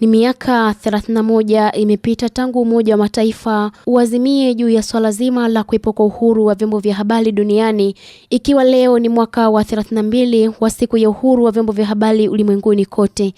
Ni miaka 31 imepita tangu Umoja wa Mataifa uazimie juu ya swala zima la kuwepo kwa uhuru wa vyombo vya habari duniani, ikiwa leo ni mwaka wa 32 wa siku ya uhuru wa vyombo vya habari ulimwenguni kote.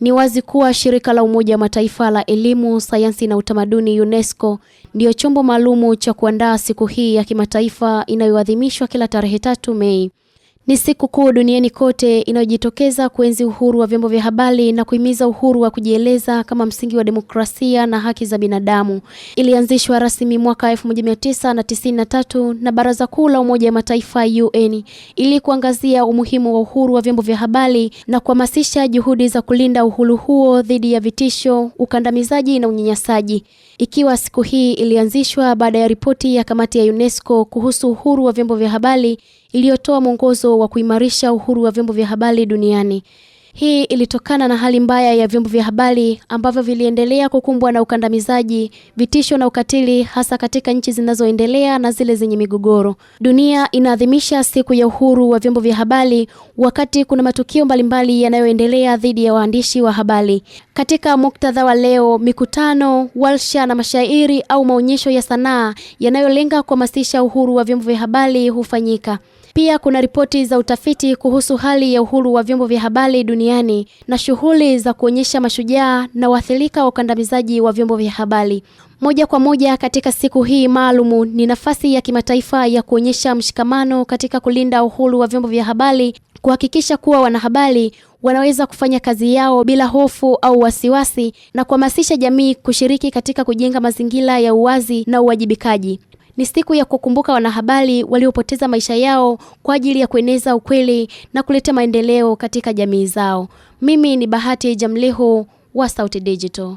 Ni wazi kuwa shirika la Umoja wa Mataifa la elimu, sayansi na utamaduni UNESCO ndiyo chombo maalumu cha kuandaa siku hii ya kimataifa inayoadhimishwa kila tarehe tatu Mei. Ni siku kuu duniani kote inayojitokeza kuenzi uhuru wa vyombo vya habari na kuhimiza uhuru wa kujieleza kama msingi wa demokrasia na haki za binadamu. Ilianzishwa rasmi mwaka 1993 na Baraza Kuu la Umoja wa Mataifa UN ili kuangazia umuhimu wa uhuru wa vyombo vya habari na kuhamasisha juhudi za kulinda uhuru huo dhidi ya vitisho, ukandamizaji na unyanyasaji. Ikiwa siku hii ilianzishwa baada ya ripoti ya kamati ya UNESCO kuhusu uhuru wa vyombo vya habari iliyotoa mwongozo wa kuimarisha uhuru wa vyombo vya habari duniani. Hii ilitokana na hali mbaya ya vyombo vya habari ambavyo viliendelea kukumbwa na ukandamizaji, vitisho na ukatili hasa katika nchi zinazoendelea na zile zenye migogoro. Dunia inaadhimisha siku ya uhuru wa vyombo vya habari wakati kuna matukio mbalimbali yanayoendelea dhidi ya waandishi wa habari. Katika muktadha wa leo, mikutano, warsha na mashairi au maonyesho ya sanaa yanayolenga kuhamasisha uhuru wa vyombo vya habari hufanyika. Pia kuna ripoti za utafiti kuhusu hali ya uhuru wa vyombo vya habari duniani na shughuli za kuonyesha mashujaa na waathirika wa ukandamizaji wa vyombo vya habari. Moja kwa moja katika siku hii maalumu ni nafasi ya kimataifa ya kuonyesha mshikamano katika kulinda uhuru wa vyombo vya habari, kuhakikisha kuwa wanahabari wanaweza kufanya kazi yao bila hofu au wasiwasi, na kuhamasisha jamii kushiriki katika kujenga mazingira ya uwazi na uwajibikaji. Ni siku ya kukumbuka wanahabari waliopoteza maisha yao kwa ajili ya kueneza ukweli na kuleta maendeleo katika jamii zao. Mimi ni Bahati Jamlihu wa Sauti Digital.